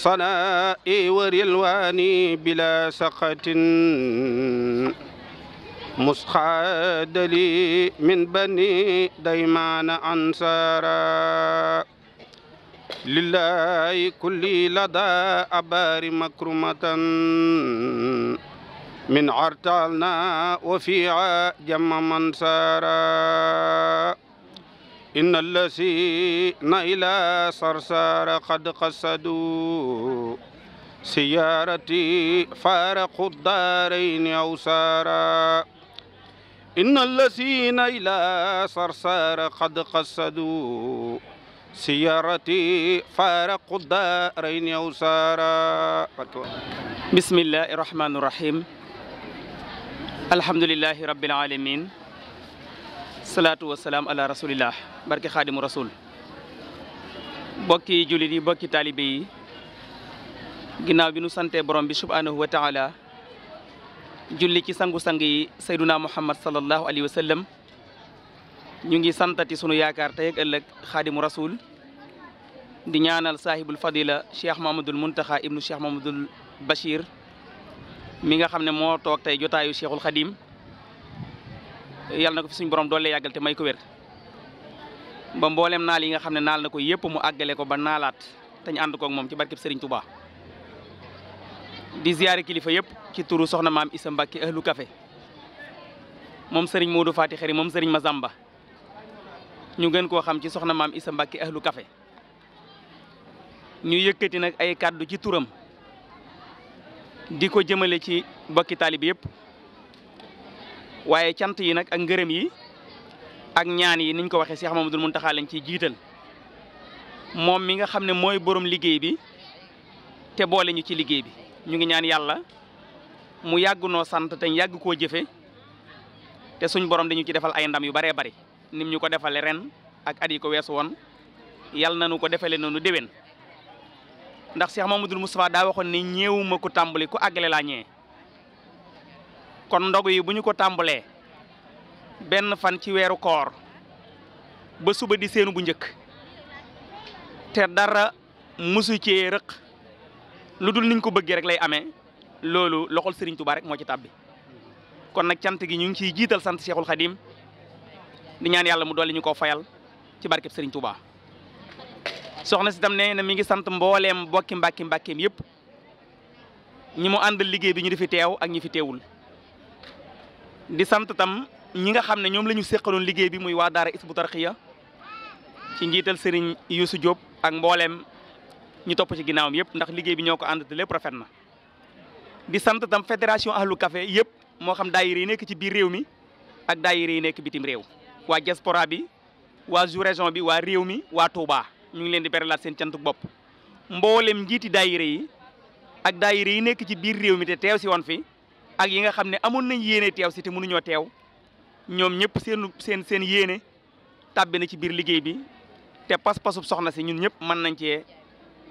الصناء ورلوان بلا سقة مسخاد لي من بني ديمان أنصارا لله كل لدى أبار مكرمة من عرتالنا وفيها جم منصارا إن الذين إلى صرصار قد قصدوا سيارتي فارقوا الدارين أو سارا إن الذين إلى صرصار قد قصدوا سيارتي فارقوا الدارين أو سارا بسم الله الرحمن الرحيم الحمد لله رب العالمين salaatu wasalaam ala rasulillah barke xaadimu rasul bokki jullit yi bokki taalibe yi ginnaaw bi nu sante borom bi subhaanahu wa taala julli ci sangu-sang yi sayduna muhammad salallahu alayhi wa ñu ngi santati sunu yaakaar tey ak ëllëg xaadimu rasul di ñaanal saahibul fadila cheikh mahamadul muntaxa ibnu cheikh mahamadul bachir mi nga xam ne moo toog tey jotaayu cheikhul xadim yal na ko fi suñu borom doole yàggal te may ko wér ba mboolem naal yi nga xam ne naal na ko yëpp mu àggale ko ba naalaat te ñu ànd koog moom ci barkeb Serigne Touba. di ziare kilifa yëpp ci turu soxna maam isa Mbacke ahlu kafe moom sëriñ Modou Fati Xari moom Serigne Mazamba ñu gën koo xam ci soxna maam Issa Mbacke ahlu café ñu yëkkati nag ay kàddu ci turam di ko jëmale ci bokki taalibe yëpp. waaye cant yi nag ak ngërëm yi ak ñaan yi niñ ko waxee Cheikh Mamadou Mountakha lañ ciy jiital moom mi nga xam ne mooy boroom liggéey bi te boole ñu ci liggéey bi ñu ngi ñaan yàlla mu yàgg noo sant te ñu yàgg koo jëfe te suñ borom dañu ci defal ay ndam yu baree bari nim ñu ko defalee ren ak at yi ko weesu woon yàlla na nu ko defalee noonu déwén ndax Cheikh Mamadou Moustapha daa waxoon ne ñeewuma ko tàmbali ku àggale laa ñëwee. kon ndogu yi bu ñu ko tàmbalee benn fan ci weeru koor ba suba di séenu bu njëkk te dara musu cee rëq lu dul niñ ko bëggee rek lay amee loolu loxol Serigne Touba rek moo ci tàbbi kon nag cant gi ñu ngi ciy jiital sant Cheikhul Khadim di ñaan yàlla mu dolli ñu ko fayal ci barkeb Serigne Touba soxna si tam nee na mi ngi sant mbooleem bokki mbàkki mbàkkeem yëpp ñi mu àndal liggéey bi ñu di fi teew ak ñi fi teewul di sant tam ñi nga xam ne ñoom la ñu séqaloon liggéey bi muy waa daara Hizbut Tarqiyyah ci njiital sëriñ Youssou Diop ak mbooleem ñu topp ci ginnaawam yëpp ndax liggéey bi ñoo ko ànd te lépp rafet na di sant tam fédération ahlu kafe yëpp moo xam daayira yi nekk ci biir réew mi ak daayira yi nekk bitim réew waa diaspora bi waa sous-région bi waa réew mi waa Touba ñu ngi leen di beralaat seen cantuk bopp mboolem njiiti daayira yi ak daayira yi nekk ci biir réew mi te teew si woon fi ak yi nga xam ne amoon nañ yéene teew si te mënuñoo teew ñoom ñëpp seen seen seen yéene tàbbi na ci biir liggéey bi te pas-pasub soxna si ñun ñëpp mën nañ cee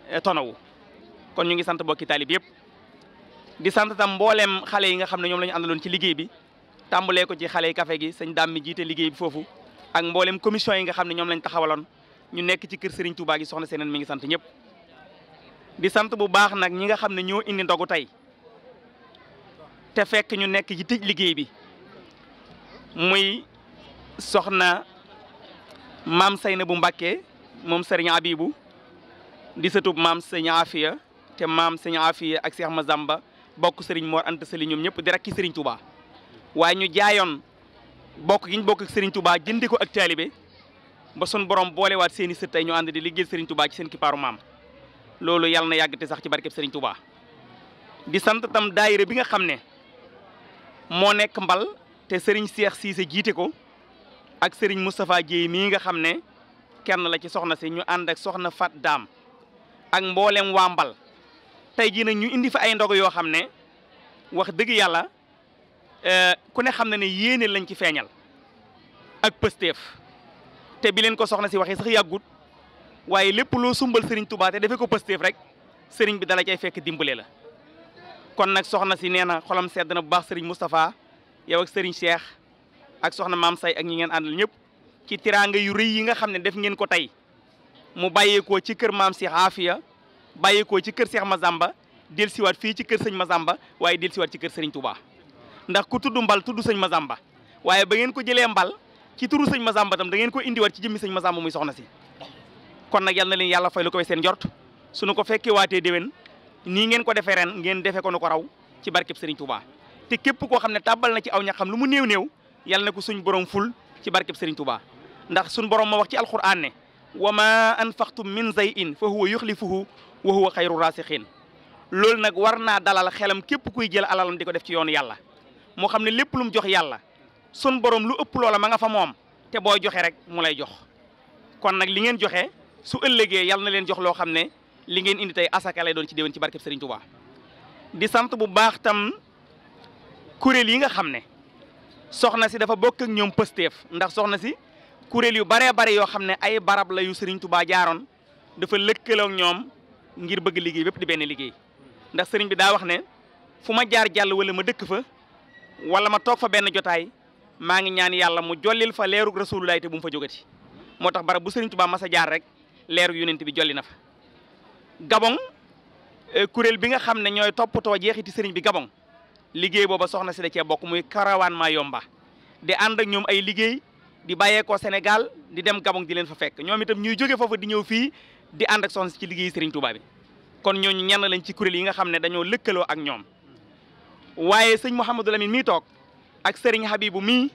eh, tonawu kon ñu ngi sant bokki bi yëpp di sant tam mbooleem xale yi nga xam ne ñoom la ñu àndaloon ci liggéey bi tàmbalee ko ci xale yi kafe gi sëñ daam mi jiite liggéey bi foofu ak mbooleem commission yi nga xam ne ñoom lañ taxawaloon ñu nekk ci kër Serigne Touba gi soxna seeneen mi ngi sant ñëpp di sant bu baax nag ñi nga xam ne ñoo indi tey te fekk ñu nekk ci tëj liggéey bi muy soxna maam na bu Mbàkke moom sëriñ Abibu di sëtub maam sëriñ Afiya te maam sëriñ Afiya ak Seex Mazamba bokk sëriñ Mor Anta Sali ñoom ñëpp di rakki sëriñ Touba waaye ñu jaayoon bokk gi ñu bokk ak sëriñ tubaa jëndi ko ak taalibe ba sun borom boolewaat seen i sët tey ñu ànd di liggéey sëriñ Touba ci seen kipaaru maam loolu yàlla na yàgg te sax ci barkeb sëriñ Touba di sant tam daayira bi nga xam ne moo nekk mbal te sëriñ Cheikh siise jiite ko ak sëriñ Moustapha Dieye mii nga xam ne kenn la ci soxna si ñu ànd ak soxna Fat Daam ak mboolem waa mbal tey jii nag ñu indi fa ay ndoge yoo xam ne wax dëgg yàlla eh, ku ne xam na ne yéene lañ ci feeñal ak pësteef te bi leen ko soxna si waxee sax yàggut waaye lépp loo sumbal sëriñ Tuubaa te defee ko pësteef rek sëriñ bi dala cay fekk dimbale la kon nag soxna si nee na xolam sedd na bu baax Serigne Moustapha yow ak Serigne Cheikh ak soxna maam say ak ñi ngeen àndal ñëpp ci tiraanga yu rëy yi nga xam ne def ngeen ko tey mu bàyyeekoo ci kër maam Cheikh Afia bàyyeekoo ci kër Cheikh Mazamba del siwaat fii ci kër sëñ Mazamba waaye del siwaat ci kër Serigne Touba ndax ku tudd mbal tudd sëñ Mazamba waaye ba ngeen ko jëlee mbal ci turu sëñ Mazamba tam da ngeen ko indiwaat ci jëmmi sëñ Mazamba muy soxna si kon nag yal na leen yàlla fay lu koy seen nii ngeen ko defee ren ngeen defee ko nu ko raw ci barkeb Serigne Touba te képp koo xam ne tàbbal na ci aw ñaxam lu mu néew néew yal na ko suñ borom ful ci barkeb Serigne Touba ndax suñ borom ma wax ci al alquran ne wa ma anfaqtum min zayin fa huwa yuxlifuhu wa huwa xayru rasixiin loolu nag war naa dalal xelam képp kuy jël alalam di ko def ci yoon yàlla moo xam ne lépp lu mu jox yàlla sun borom lu ëpp loola ma nga fa moom te boo joxe rek mu lay jox kon nag li ngeen joxe su ëllëgee yàlla na leen jox loo xam ne li ngeen indi tey asaka lay doon ci déwén ci barkeb Serigne Touba di sant bu baax tam kuréel yi nga xam ne soxna si dafa bokk ñoom pësteef ndax soxna si kuréel yu baree bare yoo xam ne ay barab la yu Serigne Touba jaaroon dafa lëkkaloo ñoom ngir bëgg liggéey bépp di benn liggéey ndax Serigne bi daa wax ne fu ma jaar jàll wala ma dëkk fa wala ma toog fa benn jotaay maa ngi ñaan yàlla mu jollil fa leerug rasulullaay te bu mu fa jógati moo tax barab bu Serigne Touba mas a jaar rek leerug yonent bi jolli na fa. Gabon eh, kuréel bi nga xam ne ñooy toppatoo jeexiti sëriñ bi Gabon liggéey booba soxna si da cee bokk muy karawaan maa yomba di ànd ak ñoom ay liggéey di bàyyeekoo Sénégal di dem Gabon di leen fa fekk ñoom itam ñuy jóge foofa di ñëw fii di ànd ak soxna si ci liggéey sëriñ Touba bi kon ñooñu ñenn lañ ci kuréel yi nga xam ne dañoo lëkkaloo ak ñoom waaye sëñ Mouhamadou Lamine mii toog ak sëriñ Habibou mii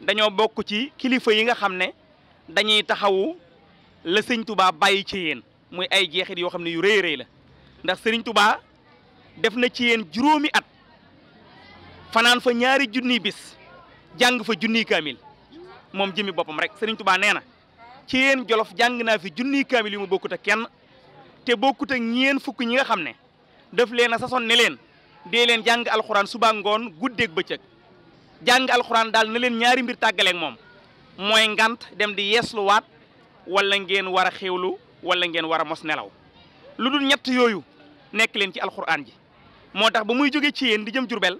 dañoo bokk ci kilifa yi nga xam ne dañuy taxawu la sëñ Touba bàyyi ci yéen muy ay jeexit yoo xam ne yu rëy rëy la ndax Serigne Touba def na ci yéen juróomi at fanaan fa ñaari junniy bis jàng fa junni kaamil moom jëmmi boppam rek sëniñ Touba nee na ci yéen jolof jàng naa fi junniy kaamil yu ma bokkut ak kenn te bokkut ak ñeen fukk ñi nga xam ne def leen a sason ne leen dee leen jàng alxuraan suba ngoon guddeeg bëccëg jàng alxuraan daal na leen ñaari mbir tàggaleeg moom mooy ngant dem di yeesluwaat walla ngeen war a xéwlu. wala ngeen war a mos nelaw lu dul ñett yooyu nekk leen ci alxuraan ji moo tax ba muy jóge ci yéen di jëm Jurbel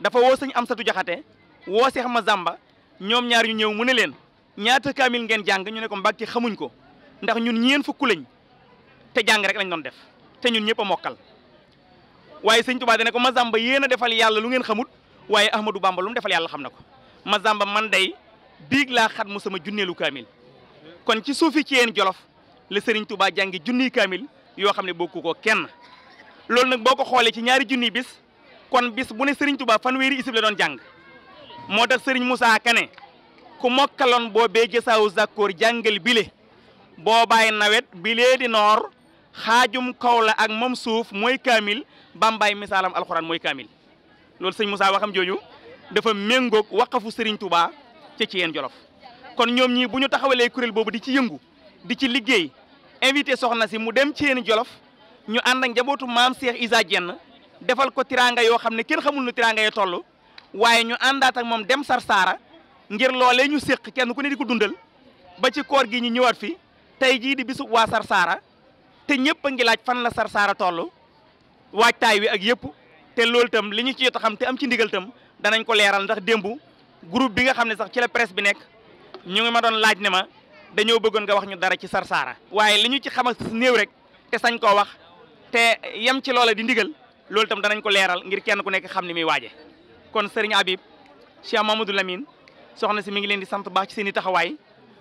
dafa woo sëñ Amsatu Jaxate woo Seex Masàmba ñoom ñaar ñu ñëw mu ne leen ñaata kaamil ngeen jàng ñu ne ko Mbàkke xamuñ ko ndax ñun ñeen fukk lañ te jàng rek lañ doon def te ñun ñëpp mokkal waaye sëñ Tuubaa dana ko Masàmba yéen a defal yàlla lu ngeen xamut waaye Ahmadou bàmba lu mu defal yàlla xam na ko Masàmba man dey biig laa xat mu sama junneelu kaamil kon ci suufi ci yéen Jolof la Serigne Touba jàngi junni kaamil yoo xam ne bokku ko kenn loolu nag boo ko xoolee ci ñaari junni bis kon bis bu ne Serigne Touba fanweeri isib la doon jàng moo tax Serigne Moussa Kane ku mokkaloon boo bee jësaawu zakkoor jàngal bile boo bàyyi nawet bilee di noor xaajum kaw la ak moom suuf mooy kaamil bambaay misaalam alxuraan mooy kaamil loolu sëñ Moussa waxam jooju dafa méngoog waqafu Serigne Touba ca ci yeen Jolof kon ñoom ñii bu ñu taxawalee kuréel boobu di ci yëngu di ci liggéey invité soxna si mu dem ci ceeni jolof ñu ànd ak njabootu maam Cheikh Issa Diène defal ko tiranga yoo xam ne kenn xamul nu tiranga yoo toll waaye ñu àndaat moom dem Sarsara ngir loole ñu séq kenn ku ne di ko dundal ba ci koor gi ñu ñëwaat fi tey jii di bisu waa Sarsara te ñëpp ngi laaj fan la Sarsara toll waajtaay wi ak yëpp te loolu tam li ñu ci jot a xam te am ci ndigal itam danañ ko leeral ndax démbu groupe bi nga xam ne sax ci la bi nekk ñu ngi ma laaj ne ma dañoo bëggoon nga wax ñu dara ci Sarsara waaye li ñu ci xamal néew rek te sañ koo wax te yem ci loola di ndigal loolu tam danañ ko leeral ngir kenn ku nekk xam ni muy waaje kon sëriñ Habib Cheikh Mamadou Lamine soxna si mu ngi leen di sant baax ci seen i taxawaay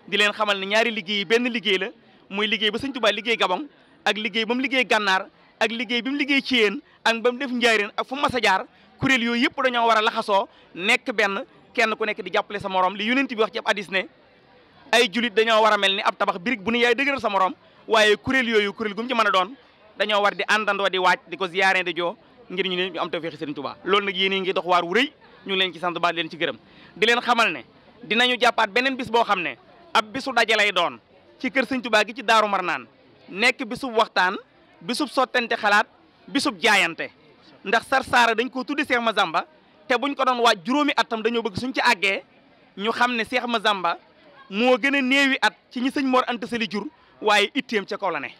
di leen xamal ne ñaari liggéey benn liggéey la muy liggéey ba sëñ Tuubaa liggéey Gabon ak liggéey ba mu liggéey Gànnaar ak liggéey bi mu liggéey ci yéen ak ba mu def njaareen ak fu mu mas a jaar kuréel yooyu yëpp dañoo war a laxasoo nekk benn kenn ku nekk di jàppale sa morom li yonent bi wax ci ab ne ay julit dañoo war mel ni ab tabax birig bu nu yaay dëgëral sa morom waaye kuréel yooyu kuréel gum ci mën a doon dañoo war di àndandoo di waaj di ko ziyaare di joo ngir ñu ne ñu am tawfeex Sëriñ Tuubaa loolu nag yéen ngi dox waar wu rëy ñu ngi leen ci sant baat leen ci gërëm di leen xamal ne dinañu jàppaat beneen bis boo xam ne ab bisu daje doon ci kër Sëriñ tubaa gi ci Daaru Marnaan nekk bisub waxtaan bisub sottante xalaat bisub jaayante ndax Sarsara dañ koo tuddi Seex Mazamba te buñ ko doon waaj juróomi atam dañoo bëgg suñ ci àggee ñu xam ne Seex Mazamba moo gën a néewi at ci ñi sëñ moor Anta Sali jur waaye itteem ca kaw la ne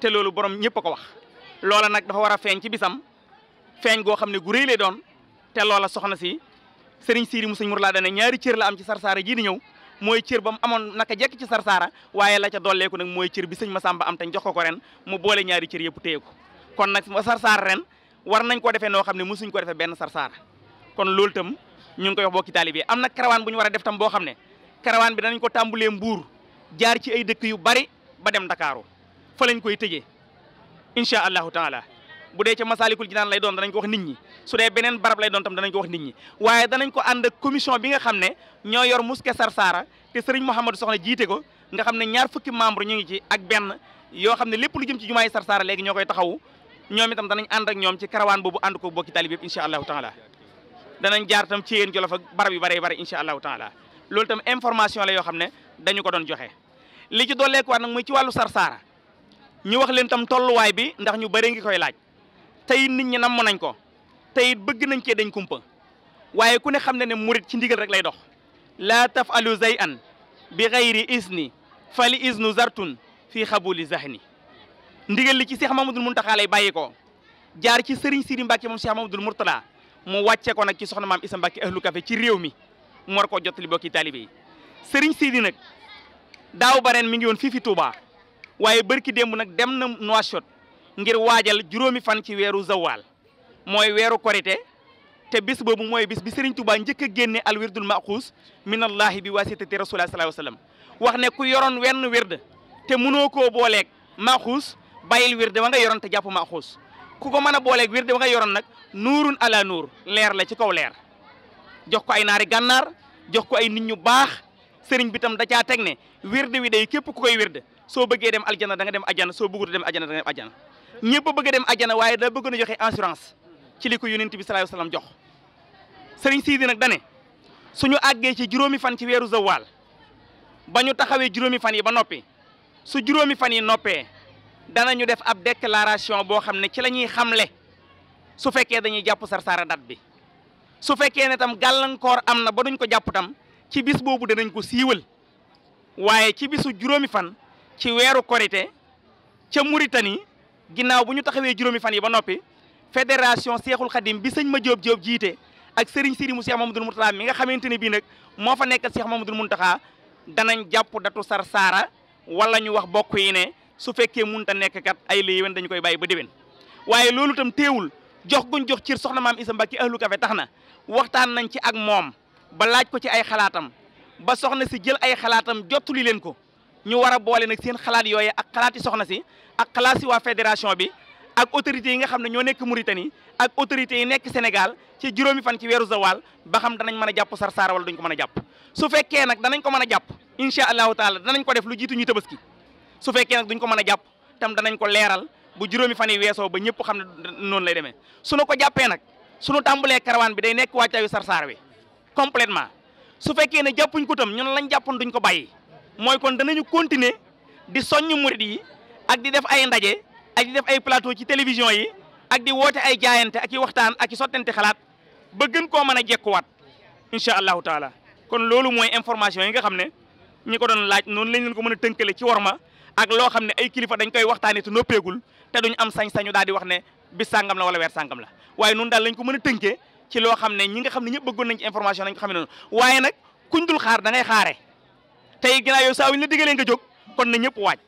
te loolu borom ñëpp ko wax loola nag dafa war a feeñ ci bisam feeñ goo xam ne gu rëy lay doon te loola soxna si sëriñ siiri mu sëñ Mor laa dane ñaari cër la am ci sarsaara ji di ñëw mooy cër ba mu amoon naka jekk ci sarsaara waaye la ca dolleeku nag mooy cër bi sëñ Masamba am tañ jox ko ko ren mu boole ñaari cër yëpp téye ko kon nag sarsaara ren war nañ ko defee noo xam ne mosuñ ko defee benn sarsaara kon loolu tam ñu ngi koy wax bokki taalibe am na karawaan bu ñu war a def tam boo xam ne karawaan bi danañ ko tàmbulee mbuur jaar ci ay dëkk yu bari ba dem ndakaaru fa lañ koy tëjee incha allahu taala bu dee ca masaalikul jinaan lay doon danañ ko wax nit ñi su dee beneen barab lay doon tam danañ ko wax nit ñi waaye danañ ko ànd ak commission bi nga xam ne ñoo yor muske Sarsara te sëriñ Mouhamadou Soxna jiite ko nga xam ne ñaar fukki membre ñu ngi ci ak benn yoo xam ne lépp lu jëm ci jumaay Sarsara léegi ñoo koy taxaw ñoom itam danañ ànd ak ñoom ci karawaan boobu ànd ko bokki talib yëpp incha allahu taala danañ jaar tam ci yéen barab yu bare bare incha allahu taala loolu tamit information la yoo xam ne dañu ko doon joxe li ci dooleekuwaat nag muy ci wàllu sarsaara ñu wax leen tam tolluwaay bi ndax ñu bëri ngi koy laaj tey nit ñi namm nañ ko tey it bëgg nañ cee dañ kumpa waaye ku ne xam ne ne murit ci ndigal rek lay dox laa taf zay an bi xayri isni fali isnu zartun fii xabuli zahni ndigal li ci Cheikh Mamadou Mountakha lay bàyyi ko jaar ci Serigne Sidi Mbacke moom Cheikh Mamadou Mourtala mu wàcce ko nag ci soxna maam Issa Mbacke ahlu kafe ci réew mi mu war koo jottali bokki taalibe yi sëriñ Sidi nag daaw bareen mi ngi woon fii fi Touba waaye bërki démb nag dem na Nouakchott ngir waajal juróomi fan ci weeru zawaal mooy weeru korite te bis boobu mooy bis bi sëriñ Touba njëkk a génne alwirdul maxuus minallahi bi wasitati rasulillah sallallahu alayhi wasallam wax ne ku yoroon wenn wird te mënoo koo booleeg maxuus bàyyil wird wa nga yoroon te jàpp maxuus ku ko mën a booleeg wird wa nga yoroon nag nuurun ala nuur leer la ci kaw leer jox ko ay naari gànnaar jox ko ay nit ñu baax sëriñ bi tam da caa teg ne wirde wi day képp ku koy wirde soo bëggee dem aljana da nga dem ajana soo bëggut dem ajana da nga dem ajana ñëpp bëgg dem ajana waaye da bëgg na joxe assurance ci li ko yonent bi sallallahu alayhi wasallam jox sëriñ Sidi nag dane suñu àggee ci juróomi fan ci weeru zawaal ba ñu taxawee juróomi fan yi ba noppi su juróomi fan yi noppee danañu def ab déclaration boo xam ne ci la ñuy xamle su fekkee dañuy jàpp sarsaara date bi su fekkee ne tam gàllankoor am na ba dañ ko jàpp tam ci bis boobu danañ ko siiwal waaye ci bisu juróomi fan ci weeru korite ca Mauritanie ginnaaw bu ñu taxawee juróomi fan yi ba noppi fédération Seexul Xadim bi sëñ ma Jóob Jóob jiite ak sëriñ siri mu Seex Mamadul Muntaxaa mi nga xamante ne bii nag moo fa nekk Seex Mamadul Muntaxaa danañ jàpp datu sar saara wala ñu wax bokk yi ne su fekkee munta nekk kat ay la yéwén dañu koy bàyyi ba déwén waaye loolu tam teewul jox guñ jox cir soxna maam Isa Mbàkke ahlu kafe tax na waxtaan nañ ci ak moom ba laaj ko ci ay xalaatam ba soxna si jël ay xalaatam jottuli leen ko ñu war a boole nag seen xalaat yooyu ak xalaati soxna si ak xalaat si waa fédération bi ak autorités yi nga xam ne ñoo nekk Mauritanie ak autorités yi nekk Sénégal ci juróomi fan ci weeru zawal ba xam danañ mën a jàpp Sarsara wala duñ ko mën a jàpp su fekkee nag danañ ko mën a jàpp incha allahu taala danañ ko def lu jiitu ñu tabaski su fekkee nag duñ ko mën a jàpp tam danañ ko leeral bu juróomi fan yi weesoo ba ñëpp xam ne noonu lay demee suñu ko jàppee nag su suñu tàmbalee karawaan bi day nekk wàccaayu sarsaar wi completement su fekkee ne jàppuñ ko tam ñun lañ jàppoon duñ ko bàyyi mooy kon danañu continuer di soññ murid yi ak di def ay ndaje ak di def ay plateau ci télévision yi ak di woote ay jaayante ak i waxtaan ak i sottante xalaat ba gën koo mën a jekkuwaat incha allahu taala kon loolu mooy information yi nga xam ne ñu ko doon laaj noonu lañ ko mën a tënkale ci worma ak loo xam ne ay kilifa dañ koy waxtaanee te noppeegul te duñ am sañ-sañu daal di wax ne bi sàngam la wala weer sàngam la waaye nun daal lañ ko mën a tënkee ci loo xam ne ñi nga xam ne ñëpp bëggoon nañ ci information nañ ko xam ne noonu waaye nag kuñ dul xaar da ngay xaare tey ginnaaw yow saa wuñ la digalee nga jóg kon na ñëpp waaj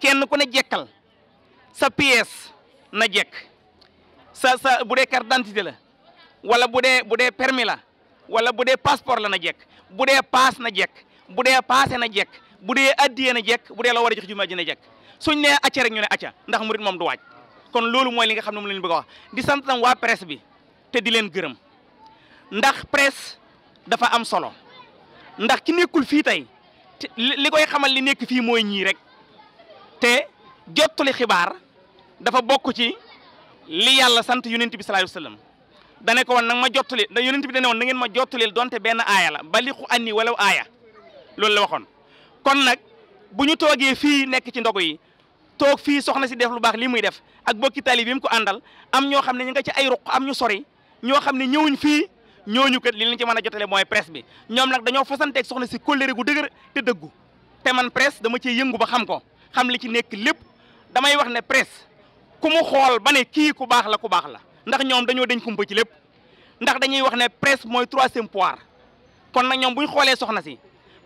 kenn ku ne jekkal sa pièce na jekk sa sa bu dee carte d'identité la wala bu dee bu dee permis la wala bu dee passeport la na jekk bu dee paas na jekk bu dee paase na jekk bu dee addiyee na jekk bu dee war a jox jumaa ji na jekk suñ nee acca rek ñu ne acca ndax murit moom du waaj kon loolu mooy li nga xam ne moom la ñu wax di sant tam waa presse bi te di leen gërëm ndax presse dafa am solo ndax ki nekkul fii tey li koy xamal li nekk fii mooy ñii rek te jottali xibaar dafa bokk ci li yàlla sant yonent bi sallallahu alayhi wasallam dane ko woon nag ma jottali da yonent bi dane woon na ngeen ma jottalil donte benn aaya la ba liqu anni walaw aaya loolu la waxoon kon nag bu ñu toogee fii nekk ci ndogu yi toog fii soxna si def lu baax lii muy def ak bokki taalibe yi mu ko àndal am ñoo xam ne ñu nga ci ay ruq am ñu sori ñoo xam ne ñëwuñ fii ñooñu kat li lañ ci mën a jotale mooy presse bi ñoom nag dañoo fasanteeg soxna si kóllëre gu dëgër te dëggu te man presse dama cee yëngu ba xam ko xam li ci nekk lépp damay wax ne presse ku mu xool ba ne kii ku baax la ku baax la ndax ñoom dañoo dañ kumpa ci lépp ndax dañuy wax ne presse mooy troisième pouvoir kon nag ñoom buñ xoolee soxna si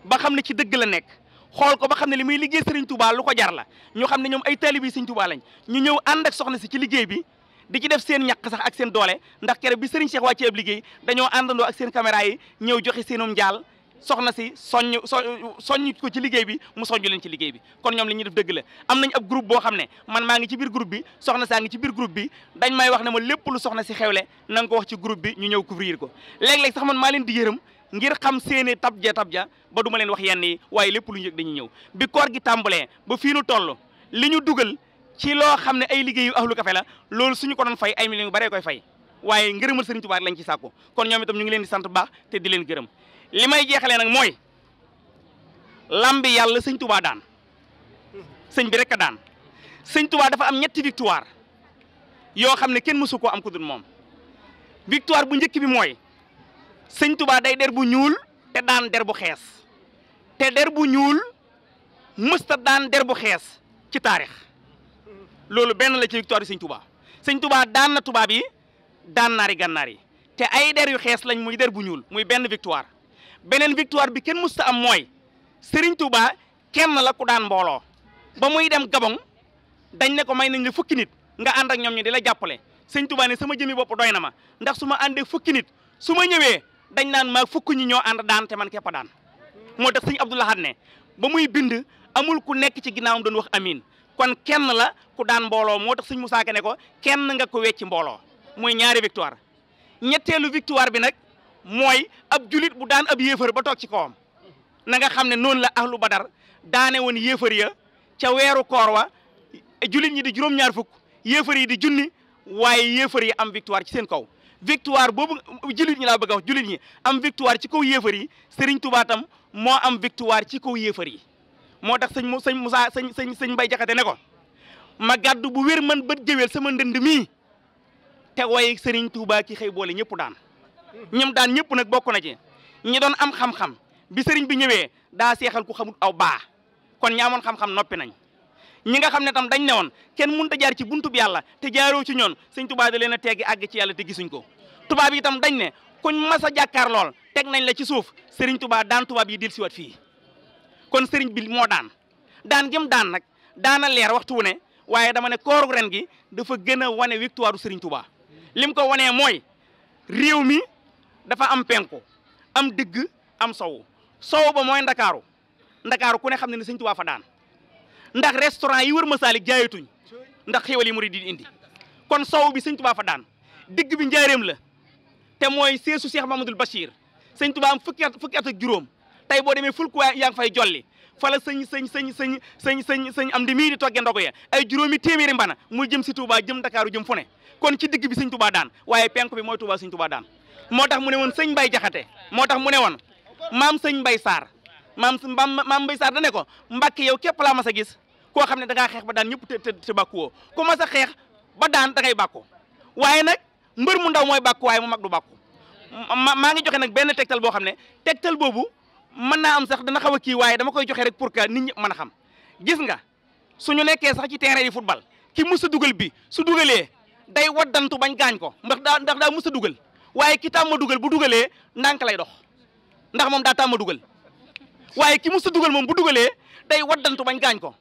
ba xam ne ci dëgg la nekk xool ko ba xam ne li muy liggéey Serigne Touba lu ko jar la ñu xam ne ñoom ay taalibi Serigne Touba lañ ñu ñëw ànd ak soxna si ci liggéey bi di ci def seen ñàkk sax ak seen doole ndax bi Serigne Cheikh wàccee liggéey dañoo àndandoo ak seen caméra yi ñëw joxe seenum njaal soxna si soññ soññ ko ci liggéey bi mu soññ leen ci liggéey bi kon ñoom li ñuy def dëgg la am nañ ab groupe boo xam ne man maa ngi ci biir groupe bi soxna saa ngi ci biir groupe bi dañ may wax ne ma lépp lu soxna si xew le nga ko wax ci groupe bi ñu ñëw couvrir ko léeg-léeg sax man maa leen di yërëm ngir xam seeni tabja tabja ba du ma leen wax yenn yi waaye lépp lu njëkk dañu ñëw bi koor gi tàmbalee ba fii nu toll li ñu dugal ci loo xam ne ay liggéey liggéeyu ahlu kafe la loolu suñu ko doon fay ay millions yu baree koy fay waaye ngërëmal Sëriñ Tuubaa lañ ci sàkku kon ñoom itam ñu ngi leen di sant bu te di leen gërëm li may jeexalee nag mooy lambi yàlla Sëñ Tuubaa daan sëñ bi rekk daan Sëñ Tuubaa dafa am ñetti victoire yoo xam ne kenn mësu koo am ku dul moom victoire bu njëkk bi mooy sëñ tubaa day der bu ñuul te daan der bu xees te der bu ñuul mësta daan der bu xees ci taarix loolu benn la ci victoire sëñ tubaa sëñ tubaa daan na tubaab yi daan naari gànnaar yi te ay der yu xees lañ muy der bu ñuul muy benn victoire beneen victoire bi kenn mësta am mooy sëriñ tubaa kenn la ku daan mbooloo ba muy dem gabon dañ ne ko may nañ la fukki nit nga ànd ak ñoom ñu di la jàppale sëñ tubaa ne sama jëmi bopp doy na ma ndax su ma àndee fukki nit su ma ñëwee dañ naan maa fukk ñu ñoo ànd daan te man képp daan moo tax sëñ Abdou Lahad ne ba muy bind amul ku nekk ci ginnaawam doon wax amin kon kenn la ku daan mbooloo moo tax sëñ Moussa Ka ne ko kenn nga ko wecci mbooloo mooy ñaari victoire ñetteelu victoire bi nag mooy ab julit bu daan ab yéefar ba toog ci kawam na nga xam ne noonu la ahlu badar daane woon yéefar ya ca weeru koor wa julit ñi di juróom-ñaar fukk yéefar yi di junni waaye yéefar yi am victoire ci seen kaw victoire boobu jullit ñi laa bëgg a wax ñi am victoire ci kaw yéefar yi Serigne Touba tam moo am victoire ci kaw yéefar yi moo tax sëñ sëñ Moussa sëñ sëñ sëñ Mbay Jaxate ne ko ma gàddu bu wér man bët jëweel sama ndënd mii te way Serigne Touba ki xëy boole ñëpp daan ñoom daan ñëpp nag bokk na ci ñi doon am xam-xam bi Serigne bi ñëwee daa seexal ku xamul aw baa kon ñaamoon xam-xam noppi nañ ñi nga xam ne tam dañ ne woon kenn mun ta jaar ci buntu buntub yàlla te jaaroo ci ñoon sëñ tubaa da leen a teggi àgg ci yàlla te gisuñ ko tubaab yi tam dañ ne kuñ mas a lool teg nañ la ci suuf sëriñ tubaa daan tubaab yi dil siwaat fii kon sëriñ bi moo daan daan gëm daan nag daana leer waxtu wu ne waaye dama ne kooru ren gi dafa gën a wane victoire du sëriñ tubaa lim ko wanee mooy réew mi dafa am penku am digg am sow sow ba mooy ndakaaru ndakaaru ku ne xam ne ne sëñ tubaa fa daan ndax restaurant yi war wër Masaalik jaayatuñ ndax xéwal yi murid yi indi kon sow bi sëñ Tuubaa fa daan digg bi njaareem la te mooy seesu Cheikh Mamadou Bachir sëñ Tuubaa am fukki at fukki at ak juróom tey boo demee ful kuwaay yaa ngi fay jolli fa la sëñ sëñ sëñ sëñ sëñ sëñ sëñ am di mii di togge ndogu ya ay juróomi téeméeri mbana muy jëm si Touba jëm Dakaaru jëm fu ne kon ci digg bi sëñ Touba daan waaye penk bi mooy Touba sëñ Touba daan moo tax mu ne woon sëñ Mbay jakate moo tax mu ne woon maam sëñ Mbay Saar maam maam Mbay Saar ne ko Mbàkke yow képp laa mas a gis koo xam ne da xeex ba daan ñëpp te te bàkkuwoo ku mas a xeex ba daan da ngay waaye nag mbër mu ndaw mooy bàkku waaye mu mag du bàkku ma maa ngi joxe nag benn tegtal boo xam ne tegtal boobu mën naa am sax dana xaw a kii waaye dama koy joxe rek pour que nit ñi mën a xam gis nga suñu nekkee sax ci terrain yi football ki mus a dugal bi su dugalee day waddantu bañ gaañ ko ndax daa ndax daa a dugal waaye ki tàmm dugal bu dugalee ndànk lay dox ndax moom daa tàmm dugal waaye ki mus a dugal moom bu dugalee day waddantu bañ gaañ ko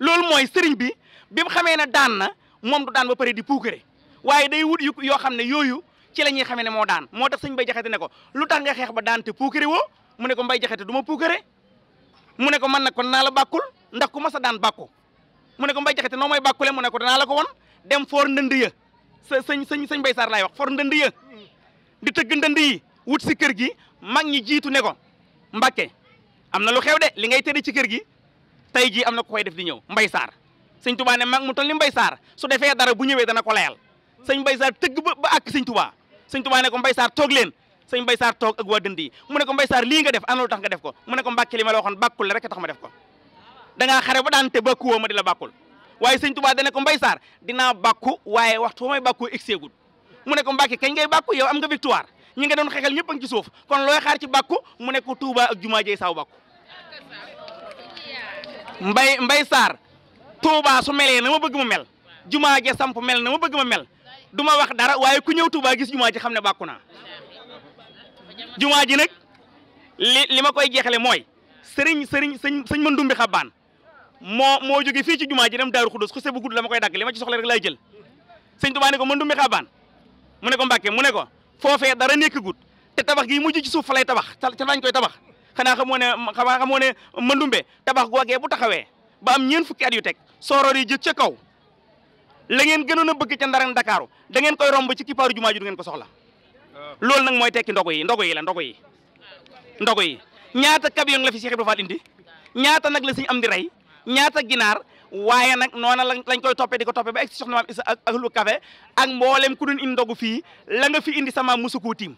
loolu mooy sëriñ bi bi mu xamee ne daan na moom du daan ba pare di puukare waaye day wut yu yoo xam ne yooyu ci la ñuy xamee ne moo daan moo tax sëñ Mbay Jaxate ne ko lu tax nga xeex ba daan te puukare woo mu ne ko bay Jaxate du ma puukare mu ne ko man nag kon naa la bàkkul ndax ku mas a daan bàkku mu ne ko Mbay Jaxate noo may mu ne ko danaala ko won dem foor ndënd ya sa sëñ sëñ sëñ Mbay Sarr wax foor ndënd ya di tëgg ndënd yi wut si kër gi mag ñi jiitu ne ko Mbàkke am na lu xew de li ngay ci kër gi tey jii am na ku koy def di ñëw mbay saar sëñ tubaa ne mag mu toll ni mbay saar su defee dara bu ñëwee dana ko layal sëñ mbay saar tëgg ba ba àkk sëñ tubaa sëñ tubaa ne ko mbay saar toog leen sëñ mbay saar toog ak waa dënd yi mu ne ko mbay saar lii nga def ana lu tax nga def ko mu ne ko mbàkke li ma la waxoon bàkkul rek tax ma def ko dangaa xare ba daan te bàkkuwoo ma di la bàkkul waaye sëñ tubaa dane ko mbay saar dinaa bàkku waaye waxtu ba may bàkku exeegul mu ne ko mbàkke kañ ngay bàkku yow am nga victoire ñi nga doon xeexal ñëpp a suuf kon looy xaar ci bàkku mu ne ko ak jumaa jey saaw bàkku mbay mbay saar Touba su melee na ma bëgg mu mel jumaa ja samp mel na ma bëgg ma mel du ma wax dara waaye ku ñëw Touba gis jumaa ji xam ne bàkku naa jumaa ji nag li li ma koy jeexale mooy sëriñ sëriñ sëñ sëñ mën dumbi xabaan moo moo jóge fii ci jumaa ji dem daaru xudus xuse bu gudd la ma koy dagg li ma ci soxla rek laay jël sëñ Touba ne ko mën dumbi xabaan mu ne ko Mbàkke mu ne ko foofee dara nekk gut te tabax gi mujj ci suuf fa lay tabax ca lañ koy tabax xanaa xamoo ne xanaa xamoo ne Mandoumbe tabax googee bu taxawee ba am ñeen fukki at yu teg sooroor yi jëg ca kaw la ngeen gënoon a bëgg ca ndaran Dakaaru da ngeen koy romb ci kippaaru jumaa ji du ngeen ko soxla loolu nag mooy tekki ndogo yi ndogo yi la ndogo yi ndogo yi ñaata camion la fi Cheikh Ibra Fall indi ñaata nag la si am di rey ñaata ginaar waaye nag noona lañ koy toppe di ko toppee ba egg si soxna maam Isa ak ak kafe ak mboolem ku doon indi ndogu fii la nga fi indi sama musuku tiim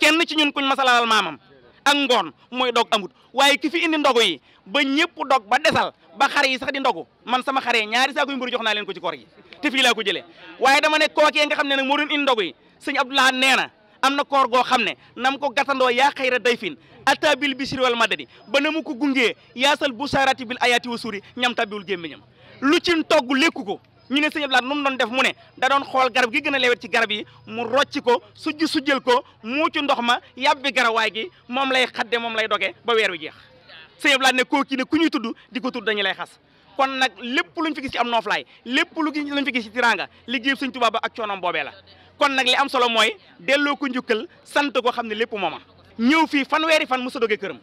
kenn ci ñun kuñ masalaal maamam ak ngoon mooy dog amut waaye ki fi indi ndogu yi ba ñëpp dog ba desal ba xar yi sax di ndogu man sama xare ñaari saako yu mburu jox naa leen ko ci koor gi te fii laa ko jëlee waaye dama ne kookee nga xam ne nag moo doon indi ndogu yi sëñ Abdoulaye nee na am na koor goo xam ne nam ko gàttandoo yaa xayra dayfin atabil bisri wal madadi ba na mu ko gungee yaasal busarati bil ayati wa suri ñam tabbiwul gémmiñam lu ci togg lekku ko ñu ne sëñ Abdou Lahad nu doon def mu ne da doon xool garab gi gën a lewet ci garab yi mu rocci ko sujj sujjal ko muucu ndox ma yàbbi garawaay gi moom lay xadde moom lay doge ba weer wi jeex sëñ Abdou ne kooki ku ñuy tudd di ko tudd dañu lay xas kon nag lépp luñ fi gis ci am nooflaay lépp lu luñ fi gis ci tiranga liggéey sëñ Tuubaa ba ak coonoom boobee la kon nag li am solo mooy delloo ko njukkal sant ko xam ne lépp mooma ñëw fii fanweeri fan mu sa doge këram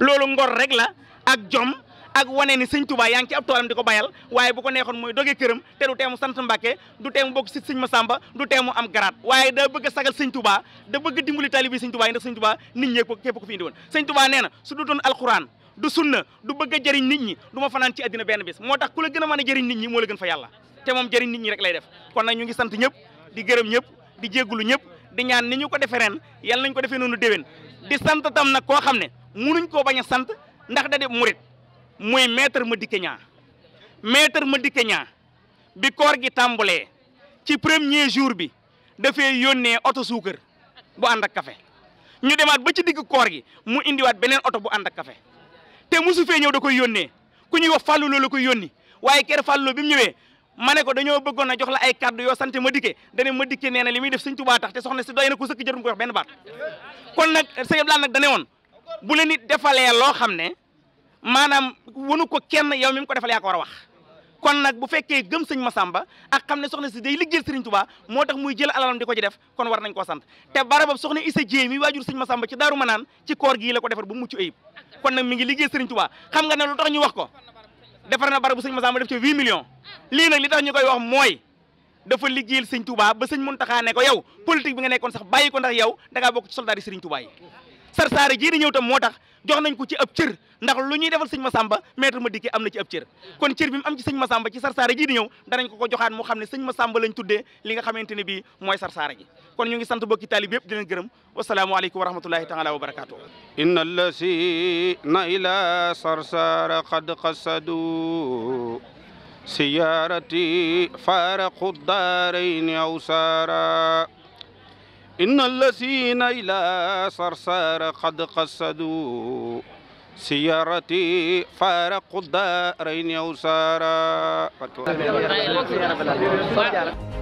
loolu ngor rek la ak jom ak wane ni sëñ Touba yaa ngi ci ab toolam di ko bayal waaye bu ko neexoon mooy doge këram te du teemu sant Mbàkke du teemu bokk si sëñ Masamba du teemu am garaat waaye daa bëgg a sagal sëñ Touba da bëgg dimbali taalibi sëñ Touba yi ndax sëñ Touba nit ñi képp ko fi indi woon sëñ Touba nee na su du doon alxuraan du sunna du bëgg a nit ñi du ma fanaan ci àddina benn bis moo tax ku la gën a mën a jëriñ nit ñi moo la gën fa yàlla te moom jëriñ nit ñi rek lay def kon a ñu ngi sant ñëpp di gërëm ñëpp di jéggulu ñëpp di ñaan ni ñu ko defee ren yàlla nañ ko defee noonu déwén di sant tam nag koo xam ne munuñ koo bañ a sant ndax da di murit muy maître Madické Niang maître Madické Niang bi koor gi tàmbalee ci premier jour bi dafay yónnee oto suukar bu ànd ak ñu demaat ba ci digg koor gi mu indiwaat beneen oto bu ànd kafe café te mosu fee ñëw da koy yónnee ku ñuy wax fàlluloo la koy yónni waaye ker fàlluloo bi mu ñëwee ma ne ko dañoo bëggoon a jox la ay kàddu yoo sante ma Madické dane ma nee na li muy def sëñ Tuubaa tax te soxna si doy na ko sëkk jërum ko wax benn baat kon nag sëñ Abdou dane woon bu leen it defalee loo xam ne maanaam wanu ko kenn yow mi mu ko defal yaa ko war a wax kon nag bu fekkee gëm sëñ ma Masamba ak xam ne soxna si day liggéeyal Serigne Touba moo tax muy jël alalam di ko ci def kon war nañ ko sant te barabam soxna Issa Dieye mi waajur sëñ Masamba ci Daaru Manaan ci koor gii la ko defar bu mucc ayib kon nag mi ngi liggéey Serigne Touba xam nga ne lu tax wax ko defar na barabu sëñ Masamba def ci 8 millions lii nag li tax ñu koy wax mooy dafa liggéeyal sëñ Touba ba sëñ Mountakha ne ko yow politique bi nga nekkoon sax bàyyi ko ndax yow da bokk ci soldat yi Serigne Touba sarsaara jii di ñëw tam moo tax jox nañ ko ci ab cër ndax lu ñuy defal sëñ Masamba ma Madické am na ci ab cër kon cër bi mu am ci sëñ Masamba ci sarsaara ji di ñëw danañ ko ko joxaat moo xam ne sëñ Masamba lañ tuddee li nga xamante ne bii mooy sarsaara ji kon ñu ngi sant bokki taalib yëpp di leen gërëm wasalaamualeykum wa rahmatullahi taala wa barakatuh inna na ila sarsaara qad qasadu siyaarati faaraqu daarayni aw saara إن الذين إلى صرصار قد قصدوا سيارتي فارقوا الدارين أوسارا